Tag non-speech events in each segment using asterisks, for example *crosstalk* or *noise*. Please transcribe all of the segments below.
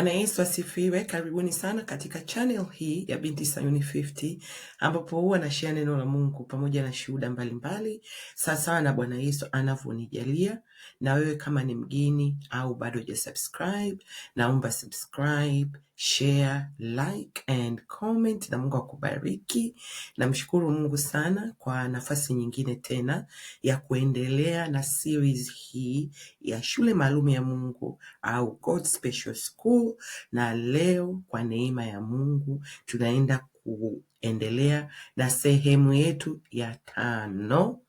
Bwana Yesu asifiwe. Karibuni sana katika channel hii ya Binti Sayuni 50 ambapo huwa share neno la Mungu pamoja na shuhuda mbalimbali sawasawa na Bwana Yesu anavyonijalia na wewe kama ni mgeni au bado hujasubscribe, naomba subscribe, share, like and comment, na Mungu akubariki. Namshukuru Mungu sana kwa nafasi nyingine tena ya kuendelea na series hii ya shule maalum ya Mungu au God's Special School, na leo kwa neema ya Mungu tunaenda kuendelea na sehemu yetu ya tano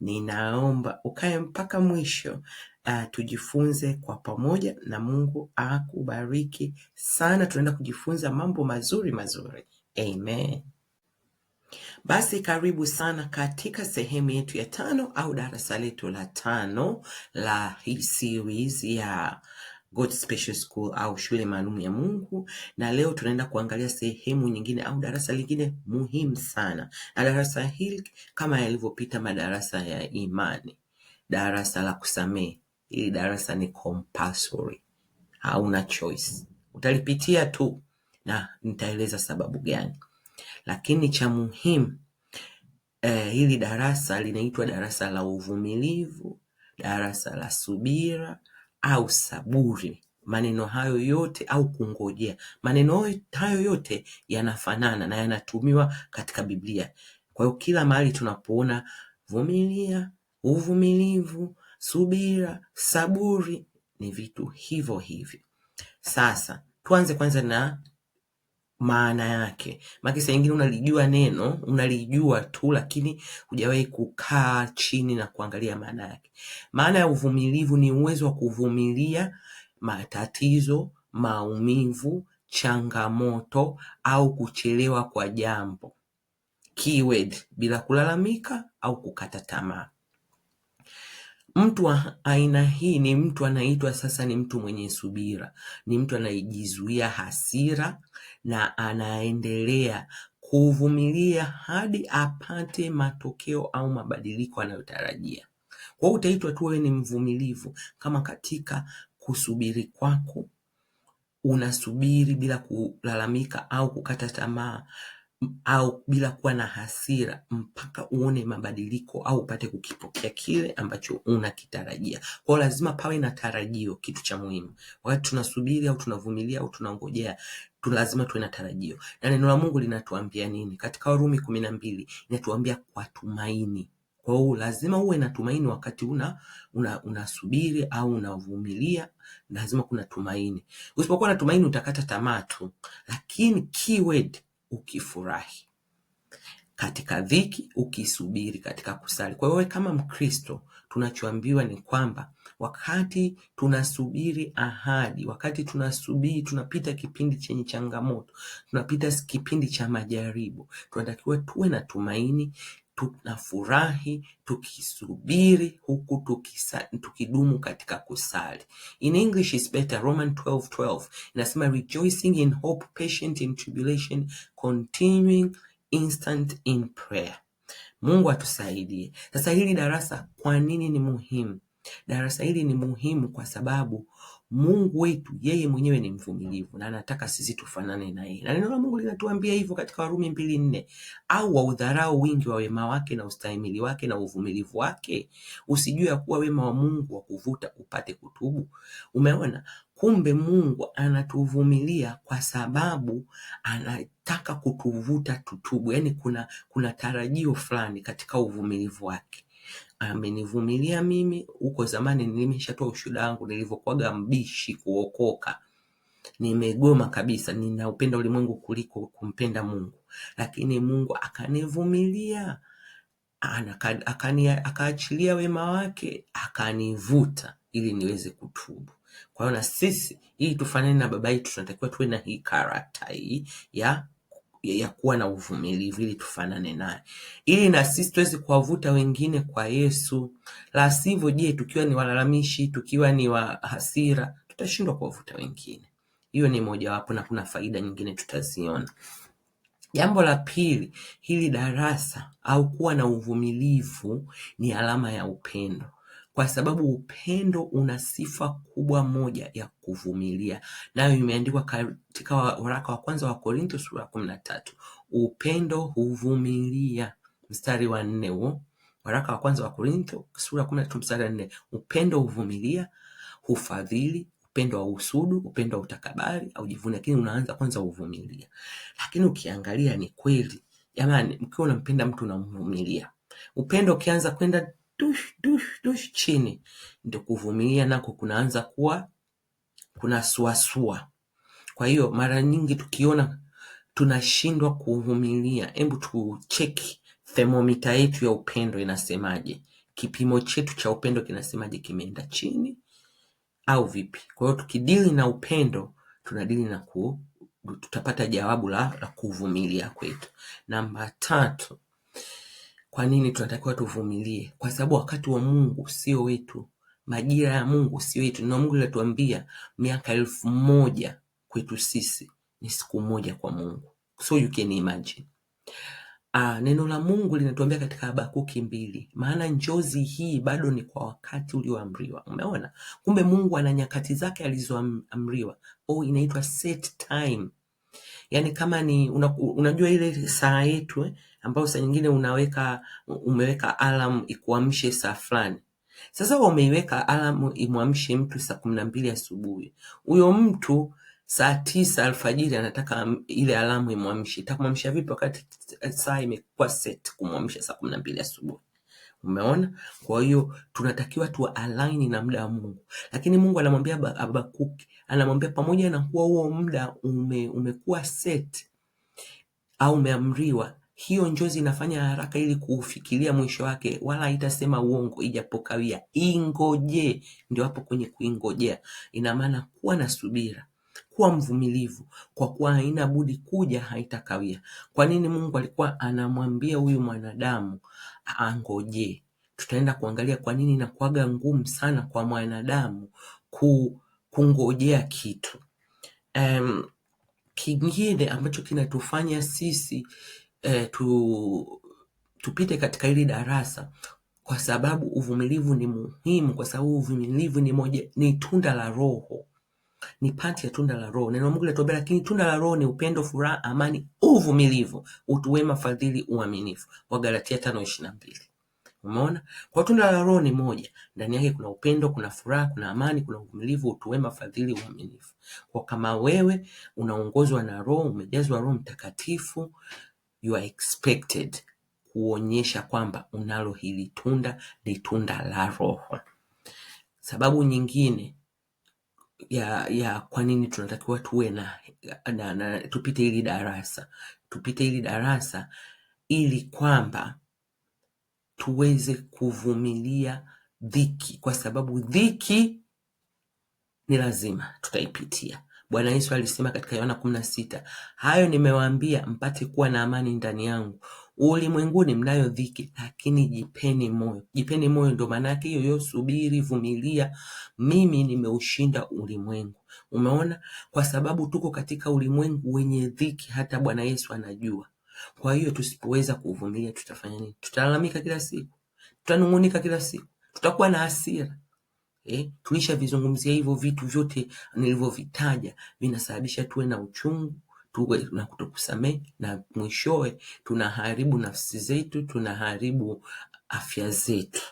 Ninaomba ukae mpaka mwisho uh, tujifunze kwa pamoja na Mungu akubariki sana. Tunaenda kujifunza mambo mazuri mazuri. Amen. Basi karibu sana katika sehemu yetu ya tano au darasa letu la tano la hii series ya God Special School au shule maalum ya Mungu, na leo tunaenda kuangalia sehemu nyingine au darasa lingine muhimu sana, na darasa hili kama yalivyopita madarasa ya imani, darasa la kusamehe, hili darasa ni compulsory, hauna choice, utalipitia tu na nitaeleza sababu gani, lakini cha muhimu eh, hili darasa linaitwa darasa la uvumilivu, darasa la subira au saburi maneno hayo yote au kungojea, maneno hayo yote yanafanana na yanatumiwa katika Biblia. Kwa hiyo kila mahali tunapoona vumilia, uvumilivu, subira, saburi, ni vitu hivyo hivyo. Sasa tuanze kwanza na maana yake. Maana saa nyingine unalijua neno unalijua tu, lakini hujawahi kukaa chini na kuangalia maana yake. Maana ya uvumilivu ni uwezo wa kuvumilia matatizo, maumivu, changamoto au kuchelewa kwa jambo keyword, bila kulalamika au kukata tamaa. Mtu wa aina hii ni mtu anaitwa sasa, ni mtu mwenye subira, ni mtu anayejizuia hasira na anaendelea kuvumilia hadi apate matokeo au mabadiliko anayotarajia. Kwa hiyo utaitwa tu wewe ni mvumilivu, kama katika kusubiri kwako unasubiri bila kulalamika au kukata tamaa, au bila kuwa na hasira mpaka uone mabadiliko au upate kukipokea kile ambacho unakitarajia. Kwa hiyo lazima pawe na tarajio, kitu cha muhimu. Wakati tunasubiri au tunavumilia au tunangojea tu, lazima tuwe na tarajio. Na neno la Mungu linatuambia nini? Katika Warumi kumi na mbili inatuambia kwa tumaini. Kwa hiyo lazima uwe na tumaini wakati una unasubiri una au unavumilia, lazima kuna tumaini. Usipokuwa na tumaini utakata tamaa tu, lakini keyword ukifurahi, katika dhiki ukisubiri, katika kusali. Kwa hiyo kama Mkristo tunachoambiwa ni kwamba wakati tunasubiri ahadi, wakati tunasubiri, tunapita kipindi chenye changamoto, tunapita kipindi cha majaribu, tunatakiwa tuwe na tumaini tunafurahi tukisubiri huku tukisa, tukidumu katika kusali. In English is better. Roman 12 12 inasema rejoicing in hope, patient in tribulation, continuing instant in prayer. Mungu atusaidie. Sasa hili darasa kwa nini ni muhimu? Darasa hili ni muhimu kwa sababu Mungu wetu yeye mwenyewe ni mvumilivu na anataka sisi tufanane na yeye, na neno la Mungu linatuambia hivyo katika Warumi mbili nne au waudharau wingi wa wema wake na ustahimili wake na uvumilivu wake, usijue ya kuwa wema wa Mungu wa kuvuta upate kutubu. Umeona, kumbe Mungu anatuvumilia kwa sababu anataka kutuvuta tutubu. Yani kuna, kuna tarajio fulani katika uvumilivu wake amenivumilia mimi huko zamani, nilimeshatoa ushuhuda wangu nilivyokuwaga mbishi kuokoka, nimegoma kabisa, ninaupenda ulimwengu kuliko kumpenda Mungu, lakini Mungu akanivumilia akaachilia wema wake akanivuta ili niweze kutubu. Kwa hiyo na sisi ili tufanane na baba yetu tunatakiwa tuwe na hii karakta hii ya ya kuwa na uvumilivu ili tufanane naye, ili na sisi tuweze kuwavuta wengine kwa Yesu. La sivyo, je, tukiwa ni walalamishi, tukiwa ni wa hasira, tutashindwa kuwavuta wengine. Hiyo ni mojawapo, na kuna faida nyingine tutaziona. Jambo la pili, hili darasa au kuwa na uvumilivu ni alama ya upendo kwa sababu upendo una sifa kubwa moja ya kuvumilia, nayo imeandikwa katika waraka wa kwanza wa Korintho sura ya kumi na tatu. Upendo huvumilia, mstari wa nne huo, waraka wa kwanza wa Korintho sura ya kumi na tatu mstari wa nne. Upendo huvumilia, hufadhili upendo wa usudu, upendo wa utakabari au jivuni, lakini unaanza kwanza uvumilia. Lakini ukiangalia ni kweli jamani, mkiwa unampenda mtu unamvumilia. Upendo ukianza kwenda dush dush dush chini, ndio kuvumilia nako kunaanza kuwa kuna suasua. Kwa hiyo mara nyingi tukiona tunashindwa kuvumilia, hebu tucheki thermomita yetu ya upendo inasemaje, kipimo chetu cha upendo kinasemaje, kimeenda chini au vipi? Kwa hiyo tukidili na upendo tunadili na ku, tutapata jawabu la, la kuvumilia kwetu. Namba tatu, kwa nini tunatakiwa tuvumilie? Kwa sababu wakati wa Mungu sio wetu, majira ya Mungu sio yetu, na Mungu alituambia miaka elfu moja kwetu sisi ni siku moja kwa Mungu, so you can imagine. Aa, ah, neno la Mungu linatuambia katika Habakuki mbili, maana njozi hii bado ni kwa wakati ulioamriwa. Umeona, kumbe Mungu ana nyakati zake alizoamriwa, au oh, inaitwa set time. Yani kama ni una, unajua ile saa yetu eh? ambayo saa nyingine unaweka umeweka alarm ikuamshe saa fulani. Sasa umeiweka alarm imwamshe mtu saa kumi na mbili asubuhi, huyo mtu saa tisa alfajiri anataka ile alamu imwamshe. Itakumwamsha vipi wakati saa imekuwa set kumwamsha saa kumi na mbili asubuhi? Umeona? Kwa hiyo tunatakiwa tu align na muda wa Mungu, lakini Mungu anamwambia Habakuki, anamwambia pamoja na kuwa huo muda ume, umekuwa set au umeamriwa, hiyo njozi inafanya haraka ili kuufikilia mwisho wake, wala haitasema uongo ijapokawia. Ingojee, ndio hapo kwenye kuingojea, ina maana kuwa na subira, kuwa mvumilivu, kwa kuwa haina budi kuja, haitakawia. Kwa nini Mungu alikuwa anamwambia huyu mwanadamu angojee? Tutaenda kuangalia kwa nini inakuwaga ngumu sana kwa mwanadamu ku, kungojea kitu um, kingine ambacho kinatufanya sisi eh, tu, tupite katika hili darasa kwa sababu uvumilivu ni muhimu, kwa sababu uvumilivu ni moja, ni tunda la Roho, ni pati ya tunda la Roho. Neno Mungu linatuambia, lakini tunda la Roho ni upendo, furaha, amani, uvumilivu, utu wema, fadhili, uaminifu, Wagalatia 5:22. Umeona, kwa tunda la Roho ni moja, ndani yake kuna upendo, kuna furaha, kuna amani, kuna uvumilivu, utu wema, fadhili, uaminifu. Kwa kama wewe unaongozwa na Roho, umejazwa Roho Mtakatifu, you are expected kuonyesha kwamba unalo hili tunda, ni tunda la Roho. Sababu nyingine ya, ya kwa nini tunatakiwa tuwe na, na, na tupite hili darasa tupite hili darasa ili kwamba tuweze kuvumilia dhiki, kwa sababu dhiki ni lazima tutaipitia. Bwana Yesu alisema katika Yohana kumi na sita, hayo nimewaambia mpate kuwa na amani ndani yangu. Ulimwenguni mnayo dhiki, lakini jipeni moyo. Jipeni moyo ndio maana yake hiyo, subiri, vumilia, mimi nimeushinda ulimwengu. Umeona, kwa sababu tuko katika ulimwengu wenye dhiki, hata Bwana Yesu anajua. Kwa hiyo tusipoweza kuvumilia tutafanya nini? Tutalalamika kila siku, tutanung'unika kila siku, tutakuwa na hasira Eh, tulishavizungumzia hivyo vitu vyote nilivyovitaja vinasababisha tuwe na uchungu tuwe na kutokusamehe na mwishowe tunaharibu nafsi zetu, tunaharibu afya zetu.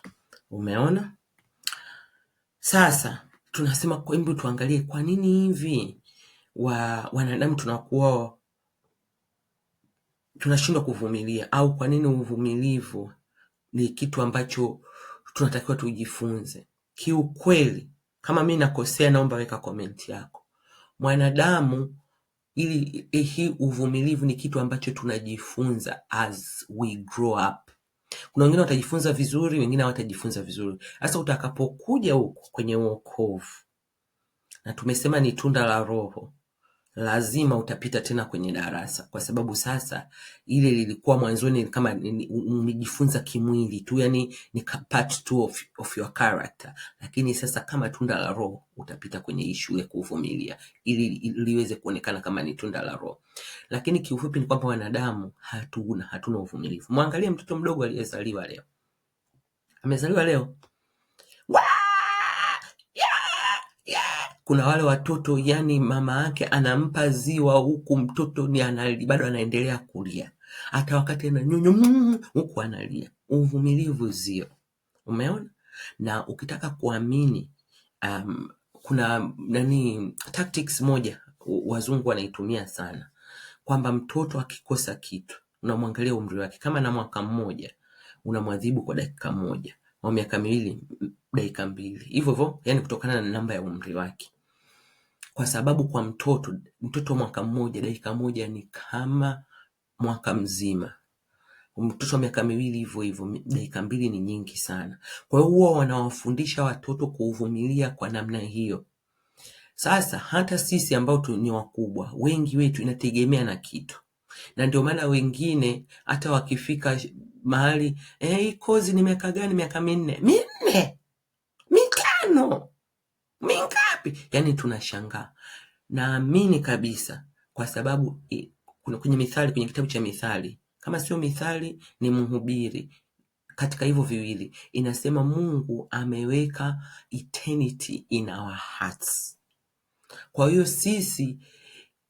Umeona? Sasa tunasema kwa hivyo tuangalie kwa nini hivi wa wanadamu tunakuwa tunashindwa kuvumilia, au kwa nini uvumilivu ni kitu ambacho tunatakiwa tujifunze kiukweli kama mi nakosea naomba weka komenti yako mwanadamu ili hii uvumilivu ni kitu ambacho tunajifunza as we grow up kuna wengine watajifunza vizuri wengine hawatajifunza vizuri sasa utakapokuja huko kwenye uokovu na tumesema ni tunda la roho lazima utapita tena kwenye darasa, kwa sababu sasa ile lilikuwa mwanzoni kama umejifunza kimwili tu, yani ni part two of, of your character, lakini sasa kama tunda la Roho utapita kwenye hii shule kuvumilia, ili liweze kuonekana kama ni tunda la Roho. Lakini kiufupi ni kwamba wanadamu hatuna hatuna uvumilivu. Mwangalie mtoto mdogo aliyezaliwa leo, amezaliwa leo kuna wale watoto yani mama yake anampa ziwa huku mtoto ni anali, bado anaendelea kulia hata wakati ananyonyo huku analia. Uvumilivu zio, umeona. Na ukitaka kuamini um, kuna nani tactics moja wazungu wanaitumia sana kwamba mtoto akikosa kitu unamwangalia umri wake, kama na mwaka mmoja unamwadhibu kwa dakika moja, au miaka miwili dakika mbili, hivyo hivyo, yani kutokana na namba ya umri wake. Kwa sababu kwa mtoto mtoto mwaka mmoja, dakika moja ni kama mwaka mzima. Mtoto wa miaka miwili hivyo hivyo, dakika mbili ni nyingi sana. Kwa hiyo huwa wanawafundisha watoto kuuvumilia kwa namna hiyo. Sasa hata sisi ambao tu ni wakubwa, wengi wetu inategemea na kitu, na ndio maana wengine hata wakifika mahali eh, kozi ni miaka gani? Miaka minne minne mitano minka wapi? yani tunashangaa. Naamini kabisa kwa sababu kuna kwenye Mithali, kwenye kitabu cha Mithali, kama sio Mithali ni Mhubiri, katika hivyo viwili inasema Mungu ameweka eternity in our hearts. Kwa hiyo sisi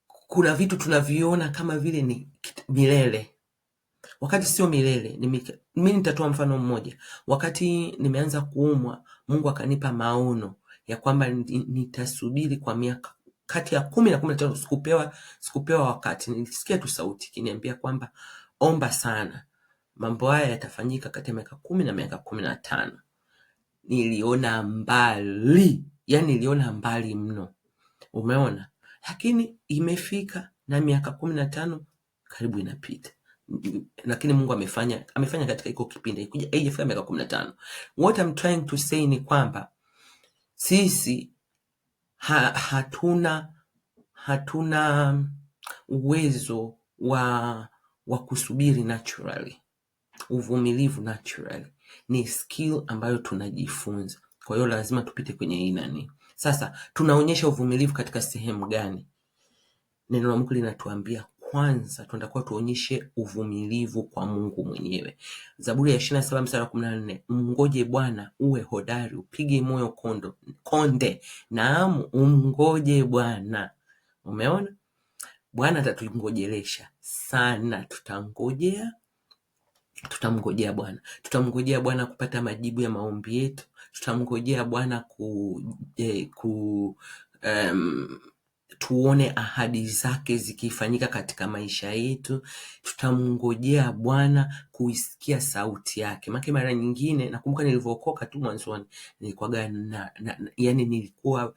kuna vitu tunaviona kama vile ni milele wakati sio milele. Mimi nitatoa mfano mmoja. Wakati nimeanza kuumwa, Mungu akanipa maono ya kwamba nitasubiri kwa miaka kati ya kumi na kumi na tano sikupewa, sikupewa wakati. Nilisikia tu sauti ikiniambia kwamba omba sana, mambo haya yatafanyika kati ya miaka kumi na miaka kumi na tano. Niliona mbali, yani niliona mbali mno, umeona. Lakini imefika na miaka kumi na tano karibu inapita, lakini Mungu amefanya amefanya katika iko kipindi haijafika miaka kumi na tano. What I'm trying to say ni kwamba sisi ha hatuna hatuna uwezo wa wa kusubiri naturally uvumilivu naturally ni skill ambayo tunajifunza kwa hiyo lazima tupite kwenye hii nani sasa tunaonyesha uvumilivu katika sehemu gani neno la mungu linatuambia kwanza tunatakiwa tuonyeshe uvumilivu kwa Mungu mwenyewe. Zaburi ya ishirini na saba mstari wa kumi na nne mngoje Bwana uwe hodari, upige moyo kondo konde, naam umngoje Bwana. Umeona, Bwana atatungojelesha sana, tutangojea tutamngojea Bwana, tutamngojea Bwana kupata majibu ya maombi yetu, tutamngojea Bwana ku, eh, ku um, tuone ahadi zake zikifanyika katika maisha yetu, tutamngojea Bwana kuisikia sauti yake. Maana mara nyingine nakumbuka nilivyookoka tu mwanzoni nilikuwa na, na, na, yani nilikuwa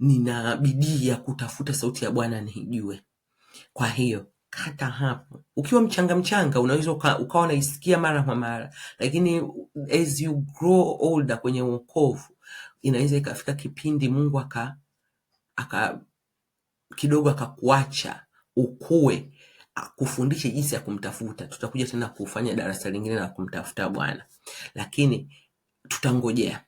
nina bidii ya kutafuta sauti ya Bwana nijue. Kwa hiyo hata hapo ukiwa mchanga mchanga unaweza ukawa unaisikia mara kwa mara, lakini as you grow older kwenye uokovu inaweza ikafika kipindi Mungu aka aka kidogo akakuacha ukue, akufundishe jinsi ya kumtafuta. Tutakuja tena kufanya darasa lingine la kumtafuta Bwana, lakini tutangojea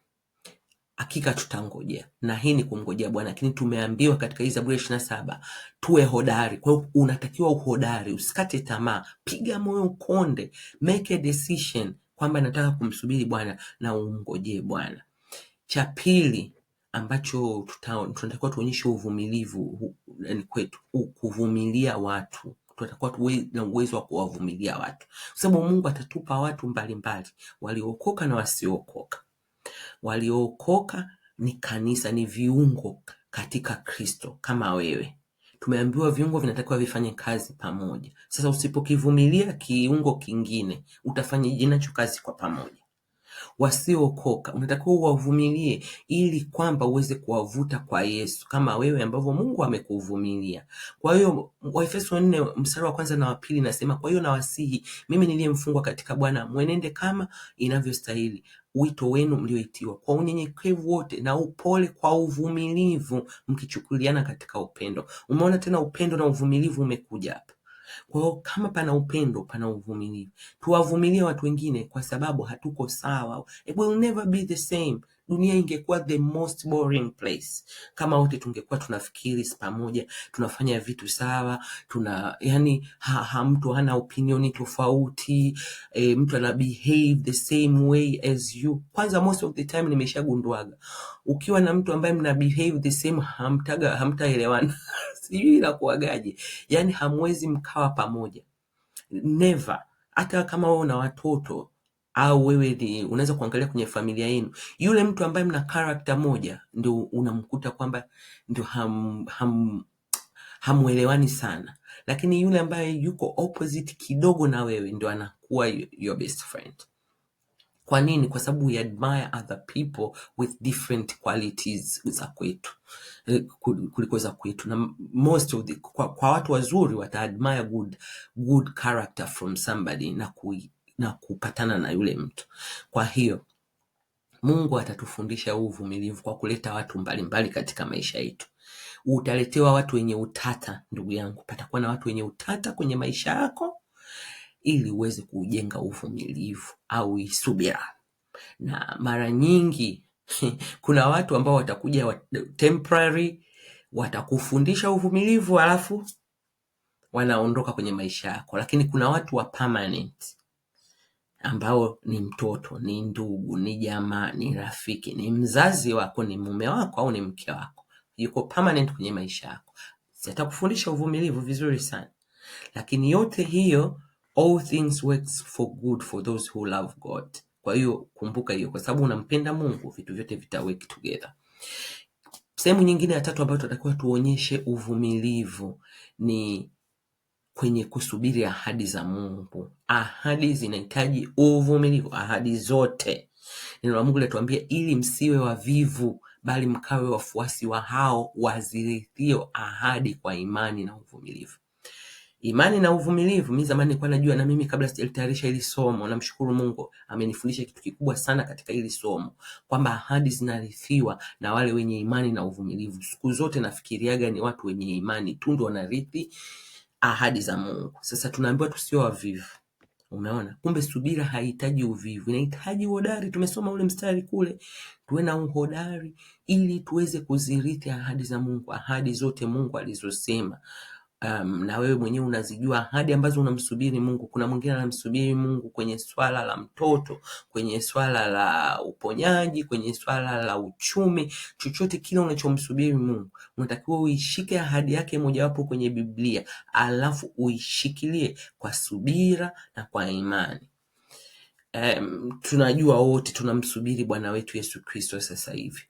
hakika tutangojea, na hii ni kumngojea Bwana. Lakini tumeambiwa katika Zaburi ishirini na saba tuwe hodari. Kwa hiyo unatakiwa uhodari, usikate tamaa, piga moyo konde, make a decision kwamba nataka kumsubiri Bwana na umngojee Bwana. Cha pili ambacho tunatakiwa tuonyeshe uvumilivu kwetu, kuvumilia watu tuwe na uwezo wa kuwavumilia watu, kwa sababu Mungu atatupa watu mbalimbali, waliookoka na wasiookoka. Waliookoka ni kanisa, ni viungo katika Kristo kama wewe. Tumeambiwa viungo vinatakiwa vifanye kazi pamoja. Sasa usipokivumilia kiungo kingine, utafanya nacho kazi kwa pamoja? wasiookoka unatakiwa uwavumilie ili kwamba uweze kuwavuta kwa Yesu kama wewe ambavyo Mungu amekuvumilia. Kwa hiyo Waefeso nne mstari wa kwanza na wa pili nasema, kwa hiyo nawasihi mimi niliyemfungwa katika Bwana mwenende kama inavyostahili wito wenu mlioitiwa kwa unyenyekevu wote na upole, kwa uvumilivu mkichukuliana katika upendo. Umeona tena, upendo na uvumilivu umekuja hapa. Kwa hiyo kama pana upendo, pana uvumilivu. Tuwavumilie watu wengine kwa sababu hatuko sawa. It will never be the same dunia ingekuwa the most boring place kama wote tungekuwa tunafikiri pamoja, tunafanya vitu sawa, tuna yani ha, ha, mtu hana opinioni tofauti e, mtu ana behave the same way as you. Kwanza most of the time nimeshagundwaga ukiwa na mtu ambaye mna behave the same, hamtaga hamtaelewana *laughs* sijui inakuagaje, yani hamwezi mkawa pamoja never, hata kama wewe una watoto au wewe unaweza kuangalia kwenye familia yenu, yule mtu ambaye mna karakta moja ndio unamkuta kwamba ndio ham, ham, hamuelewani sana, lakini yule ambaye yuko opposite kidogo na wewe ndio anakuwa your best friend. Kwa nini? Kwa sababu we admire other people with different qualities za kwetu eh, kuliko za kwetu, na most of the, kwa, kwa watu wazuri wata admire good, good character from somebody na kui na kupatana na yule mtu. Kwa hiyo Mungu atatufundisha uvumilivu kwa kuleta watu mbalimbali mbali katika maisha yetu. Utaletewa watu wenye utata, ndugu yangu, patakuwa na watu wenye utata kwenye maisha yako ili uweze kujenga uvumilivu au subira. Na mara nyingi *laughs* kuna watu ambao watakuja temporary watakufundisha uvumilivu halafu wanaondoka kwenye maisha yako, lakini kuna watu wa permanent ambao ni mtoto, ni ndugu, ni jamaa, ni rafiki, ni mzazi wako, ni mume wako au ni mke wako, yuko permanent kwenye maisha yako, atakufundisha uvumilivu vizuri sana. Lakini yote hiyo, all things works for good for those who love God. Kwa hiyo kumbuka hiyo, kwa sababu unampenda Mungu, vitu vyote vita work together. Sehemu nyingine ya tatu ambayo tunatakiwa tuonyeshe uvumilivu ni kwenye kusubiri ahadi za Mungu. Ahadi zinahitaji uvumilivu, ahadi zote. Neno la Mungu linatuambia ili msiwe wavivu, bali mkawe wafuasi wa hao wazirithio ahadi kwa imani na uvumilivu. Imani na uvumilivu, mimi zamani nilikuwa najua, na mimi kabla sijalitayarisha hili somo, namshukuru Mungu amenifundisha kitu kikubwa sana katika hili somo, kwamba ahadi zinarithiwa na wale wenye imani na uvumilivu. Siku zote nafikiriaga ni watu wenye imani tu ndio wanarithi ahadi za Mungu. Sasa tunaambiwa tusio wavivu. Umeona, kumbe subira haihitaji uvivu, inahitaji uhodari. Tumesoma ule mstari kule, tuwe na uhodari ili tuweze kuzirithi ahadi za Mungu, ahadi zote Mungu alizosema um, na wewe mwenyewe unazijua ahadi ambazo unamsubiri Mungu. Kuna mwingine anamsubiri Mungu kwenye swala la mtoto, kwenye swala la uponyaji, kwenye swala la uchumi, chochote kile unachomsubiri Mungu, unatakiwa uishike ahadi yake mojawapo kwenye Biblia, alafu uishikilie kwa subira na kwa imani. Um, tunajua wote tunamsubiri Bwana wetu Yesu Kristo sasa hivi.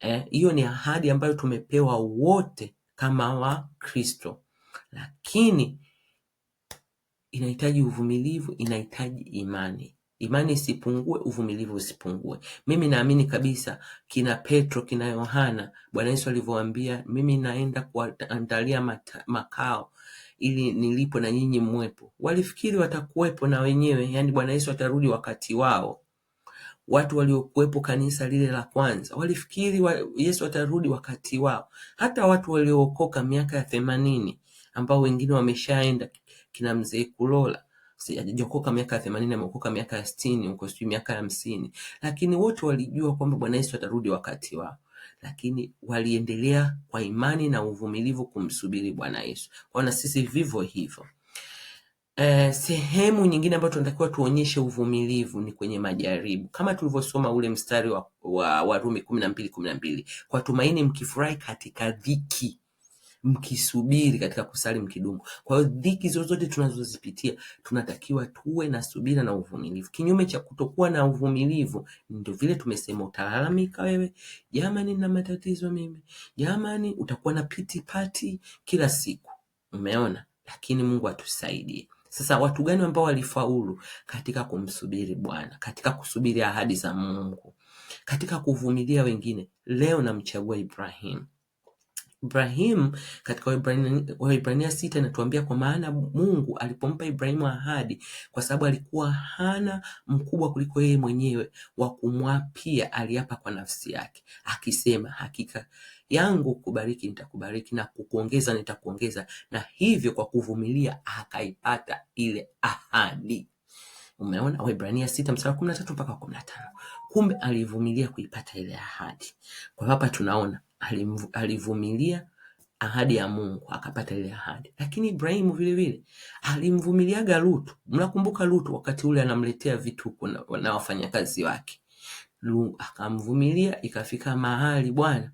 Eh, hiyo ni ahadi ambayo tumepewa wote kama Wakristo lakini inahitaji uvumilivu, inahitaji imani. Imani isipungue, uvumilivu usipungue. Mimi naamini kabisa kina Petro, kina Yohana, Bwana Yesu alivyowaambia, mimi naenda kuandalia makao ili nilipo na nyinyi mwepo. Walifikiri watakuwepo na wenyewe, yani Bwana Yesu atarudi wakati wao. Watu waliokuwepo kanisa lile la kwanza walifikiri wa, Yesu atarudi wakati wao. Hata watu waliookoka miaka ya themanini ambao wengine wameshaenda kina mzee Kulola sijajokoka miaka ya themanini ameokoka miaka ya sitini huko sijui miaka ya hamsini lakini wote walijua kwamba Bwana Yesu atarudi wakati wao lakini waliendelea kwa imani na uvumilivu kumsubiri Bwana Yesu. Kwa na sisi vivyo hivyo. Eh, sehemu nyingine ambayo tunatakiwa tuonyeshe uvumilivu ni kwenye majaribu, kama tulivyosoma ule mstari wa Warumi kumi na mbili kumi na mbili kwa tumaini mkifurahi katika dhiki mkisubiri katika kusali mkidumu. Kwa hiyo dhiki zozote tunazozipitia tunatakiwa tuwe na subira na uvumilivu. Kinyume cha kutokuwa na uvumilivu ndio vile tumesema, utalalamika wewe, jamani, na matatizo mimi, jamani, utakuwa na pitipati kila siku. Umeona, lakini Mungu atusaidie. Sasa watu gani ambao walifaulu katika kumsubiri Bwana, katika kusubiri ahadi za Mungu, katika kuvumilia wengine? Leo namchagua Ibrahimu. Ibrahim katika Waibrania sita inatuambia kwa maana Mungu alipompa Ibrahimu ahadi, kwa sababu alikuwa hana mkubwa kuliko yeye mwenyewe wa kumwapia, aliapa kwa nafsi yake akisema, hakika yangu kubariki nitakubariki na kukuongeza nitakuongeza. Na hivyo kwa kuvumilia akaipata ile ahadi. Umeona, Waibrania sita mstari kumi na tatu mpaka wa kumi na tano. Kumbe alivumilia kuipata ile ahadi. Kwa hapa tunaona alivumilia ahadi ya Mungu akapata ile ahadi, lakini Ibrahimu vile vile alimvumiliaga Lutu. Mnakumbuka Lutu wakati ule anamletea vitu na wafanyakazi wake, akamvumilia ikafika mahali bwana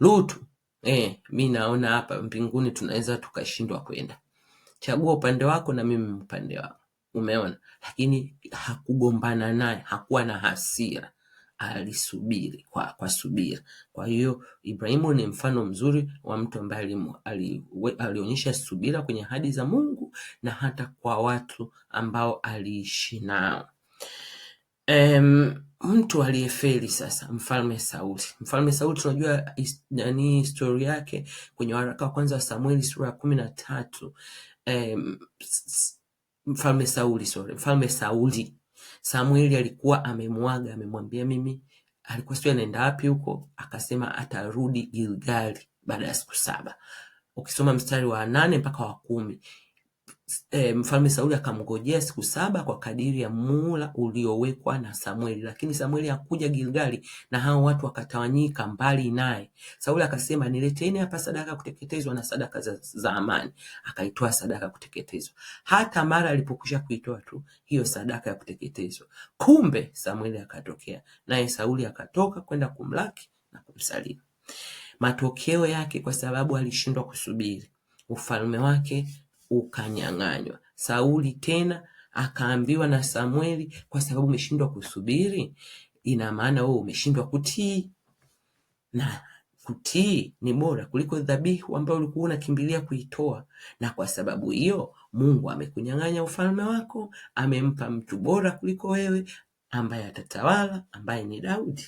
Lutu, eh, mi naona hapa mbinguni tunaweza tukashindwa kwenda, chagua upande wako na mimi upande wangu. Umeona, lakini hakugombana naye, hakuwa na hasira alisubiri kwa, kwa subira. Kwa hiyo Ibrahimu ni mfano mzuri wa mtu ambaye alionyesha subira kwenye ahadi za Mungu na hata kwa watu ambao aliishi nao. Um, mtu aliyefeli sasa, mfalme Sauli. Mfalme Sauli tunajua nani historia yake kwenye waraka wa kwanza wa Samueli sura ya kumi na tatu. Um, mfalme Sauli sorry, mfalme Sauli Samueli alikuwa amemwaga amemwambia mimi alikuwa sio anaenda wapi huko, akasema atarudi Gilgali baada ya siku saba. Ukisoma mstari wa nane mpaka wa kumi e, Mfalme Sauli akamgojea siku saba kwa kadiri ya muhula uliowekwa na Samueli, lakini Samueli hakuja Gilgali na hao watu wakatawanyika mbali naye. Sauli akasema, nileteni hapa sadaka kuteketezwa na sadaka za, za amani. Akaitoa sadaka kuteketezwa. Hata mara alipokwisha kuitoa tu hiyo sadaka ya kuteketezwa, kumbe Samueli akatokea, naye Sauli akatoka kwenda kumlaki na kumsalimu. Matokeo yake, kwa sababu alishindwa kusubiri, ufalme wake ukanyang'anywa. Sauli tena akaambiwa na samweli kwa sababu umeshindwa kusubiri, ina maana wewe umeshindwa kutii, na kutii ni bora kuliko dhabihu ambayo ulikuwa unakimbilia kuitoa, na kwa sababu hiyo Mungu amekunyang'anya ufalme wako, amempa mtu bora kuliko wewe ambaye atatawala, ambaye ni Daudi.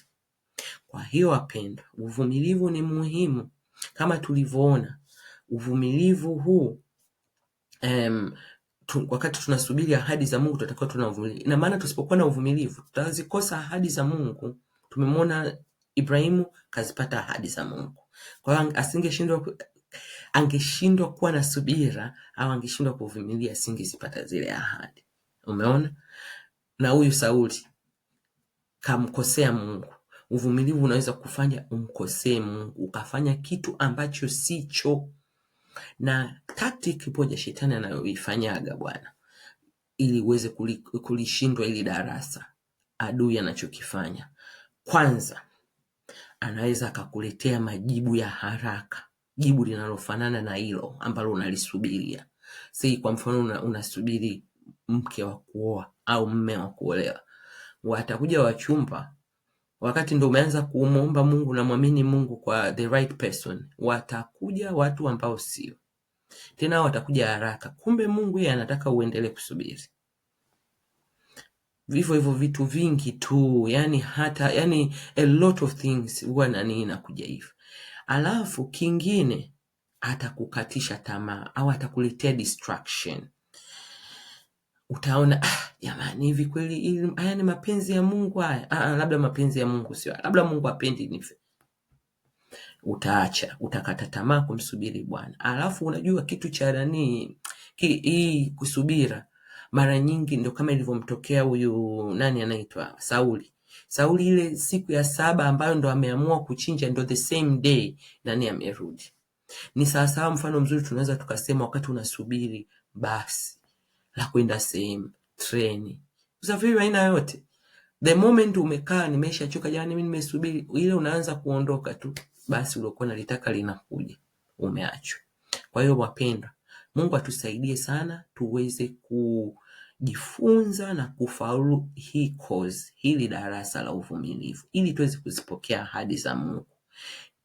Kwa hiyo wapendwa, uvumilivu ni muhimu kama tulivyoona. Uvumilivu huu um, tu, wakati tunasubiri ahadi za Mungu tutakuwa tuna uvumilivu. Ina maana tusipokuwa na uvumilivu tutazikosa ahadi za Mungu. Tumemwona Ibrahimu kazipata ahadi za Mungu, kwa hiyo asingeshindwa angeshindwa kuwa na subira au angeshindwa kuvumilia, asingezipata zile ahadi. Umeona, na huyu Sauli kamkosea Mungu. Uvumilivu unaweza kufanya umkosee Mungu, ukafanya kitu ambacho sicho na tactic moja shetani anayoifanyaga bwana, ili uweze kuli- kulishindwa ili darasa, adui anachokifanya kwanza, anaweza akakuletea majibu ya haraka, jibu linalofanana na hilo ambalo unalisubiria. Si kwa mfano una, unasubiri mke wa kuoa au mme wa kuolewa, watakuja wachumba wakati ndo umeanza kumuomba Mungu na mwamini Mungu kwa the right person, watakuja watu ambao sio tena, watakuja haraka. Kumbe Mungu yeye anataka uendelee kusubiri. Vivyo hivyo vitu vingi tu, yani hata yani a lot of things huwa nani inakuja hivyo. Alafu kingine atakukatisha tamaa au atakuletea distraction utaona ah, jamani, ah, hivi kweli haya ni mapenzi ya Mungu haya? Ah, ah labda mapenzi ya Mungu sio, labda Mungu apendi nife. Utaacha, utakata tamaa kumsubiri Bwana. Alafu unajua kitu cha nani hii kusubira, mara nyingi ndio kama ilivyomtokea huyu nani anaitwa Sauli. Sauli ile siku ya saba ambayo ndo ameamua kuchinja, ndo the same day nani amerudi. Ni sawasawa, mfano mzuri tunaweza tukasema wakati unasubiri basi la kwenda sehemu, treni, usafiri wa aina yote. The moment umekaa nimeshachoka jamani, mimi nimesubiri, ile unaanza kuondoka tu, basi uliokuwa nalitaka linakuja, umeachwa. Kwa hiyo wapendwa, Mungu atusaidie sana tuweze kujifunza na kufaulu hii course, hili darasa la uvumilivu, ili tuweze kuzipokea ahadi za Mungu.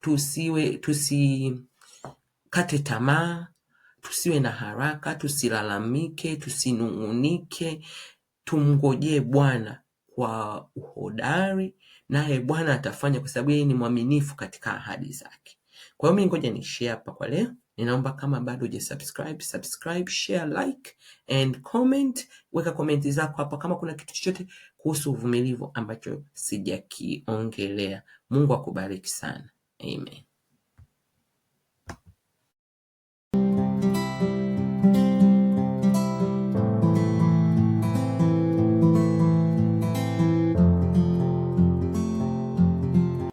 Tusiwe tusikate tamaa, tusiwe na haraka, tusilalamike, tusinung'unike, tumngojee Bwana kwa uhodari, naye Bwana atafanya, kwa sababu yeye ni mwaminifu katika ahadi zake. Kwa hiyo mimi ngoja ni share hapa kwa leo. Ninaomba kama bado hujasubscribe, subscribe, share, like and comment. Weka komenti zako hapa kama kuna kitu chochote kuhusu uvumilivu ambacho sijakiongelea. Mungu akubariki sana. Amen.